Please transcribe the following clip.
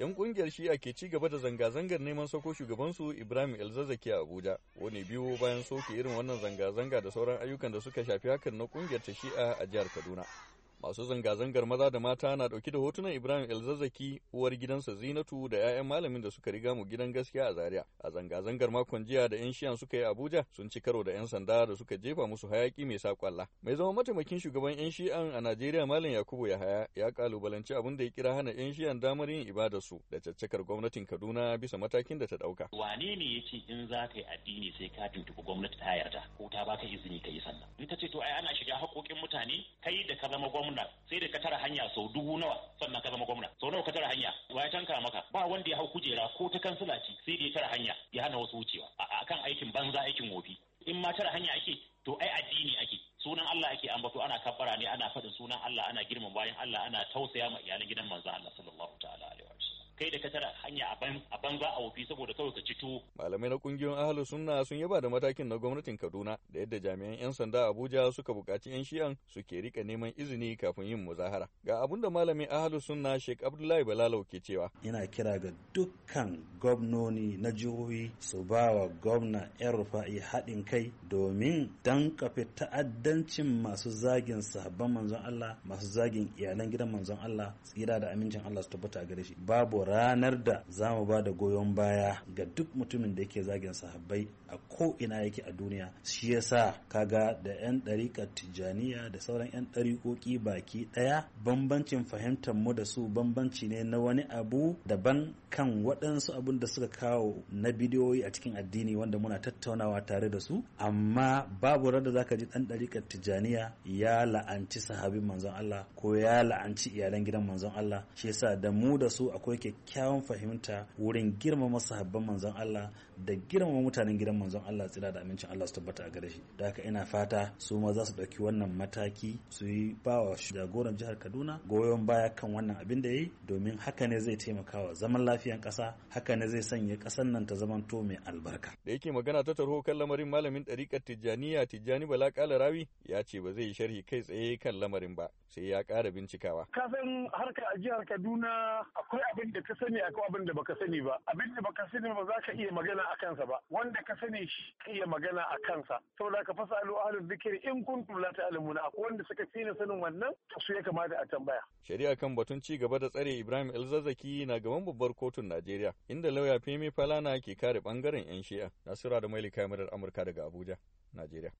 'yan kungiyar shi'a ke ci gaba da zanga-zangar neman sako shugabansu ibrahim elzazzaki a abuja wani biyu bayan soke irin wannan zanga-zanga da sauran ayyukan da suka shafi hakan na kungiyar ta shi'a a jihar kaduna Masu zanga-zangar maza da mata na ɗauki da hotunan Ibrahim elzazaki uwar gidansa Zinatu da 'ya'yan malamin da suka riga mu gidan gaskiya a Zaria. A zanga-zangar makon jiya da 'yan shiyan suka yi Abuja sun ci karo da 'yan sanda da suka jefa musu hayaki mai sakwalla. Mai zama mataimakin shugaban 'yan shi'an a Najeriya Malam Yakubu Yahaya ya kalubalanci abin da ya kira hana 'yan shi'an damar yin su, da caccakar gwamnatin Kaduna bisa matakin da ta dauka Wane ne ya ce in za ka yi addini sai ka tuntuɓi gwamnati ta yarda ko ta baka izini ka yi sallah? In ta ce to ai ana shiga tara hanya sau dubu nawa sannan ka zama gwamna sau nawa ka tara hanya wa ya tanka maka ba wanda ya hau kujera ko ta kansila ce sai da ya tara hanya ya hana wasu wucewa a kan aikin banza aikin wofi in ma tara hanya ake to ai addini ake sunan Allah ake ambato ana kabbara ne ana faɗin sunan Allah ana girman bayan Allah ana tausaya ma iyalan gidan manzo Allah sallallahu ta'ala alaihi wa kai da ka tara hanya a banza korafi saboda kawai ka ci Malamai na kungiyoyin ahalu sunna sun yaba da matakin na gwamnatin Kaduna da yadda jami'an 'yan sanda Abuja suka bukaci 'yan shi'an su ke rika neman izini kafin yin muzahara. Ga abun da malamin ahalu sunna Sheikh Abdullahi Balalau ke cewa. Ina kira ga dukkan gwamnoni na jihohi su ba wa gwamna 'yan rufa'i haɗin kai domin dankafe ta'addancin masu zagin sahabban manzon Allah masu zagin iyalan gidan manzon Allah tsira da amincin Allah su tabbata gare shi. Babu ranar da za mu ba da goyon ba baya ga duk mutumin da yake zagin sahabbai a ko ina yake a duniya shi yasa kaga da yan ɗariƙar Tijaniya da sauran yan ɗariƙoƙi baki ɗaya bambancin fahimtar mu da su bambanci ne na wani abu daban kan waɗansu abun da suka kawo na bidiyoyi a cikin addini wanda muna tattaunawa tare da su amma babu rada zaka ji ɗan ɗariƙar tijjaniya ya la'anci sahabin manzon Allah ko ya la'anci iyalan gidan manzon Allah shi yasa da mu da su akwai kyakkyawan fahimta wurin girmama kuma sahabban manzon Allah da girmama mutanen gidan manzon Allah tsira da amincin Allah su tabbata a gare shi da haka ina fata su ma za su ɗauki wannan mataki su yi bawa jagoran jihar Kaduna goyon baya kan wannan abin da yi domin haka ne zai taimakawa zaman lafiyan ƙasa haka ne zai sanya ƙasar nan ta zamanto mai albarka da yake magana ta tarho kan lamarin malamin ɗariƙar Tijjaniya Tijjani Bala rawi ya ce ba zai sharhi kai tsaye kan lamarin ba sai ya ƙara bincikawa kasan harka a jihar Kaduna akwai abin da ka sani akwai abin da baka sani ba abin wanda baka sani ba za ka iya magana a kansa ba wanda ka sani shi ka iya magana a kansa saboda ka fasa alu ahlul zikri in kuntum la alamuna akwai wanda suka fi sanin wannan su ya kamata a tambaya shari'a kan batun ci gaba da tsare Ibrahim El-zazzaki na gaban babbar kotun Najeriya inda lauya Femi Falana ke kare bangaren yan shi'a Nasira da Mailika Yamirar Amurka daga Abuja Najeriya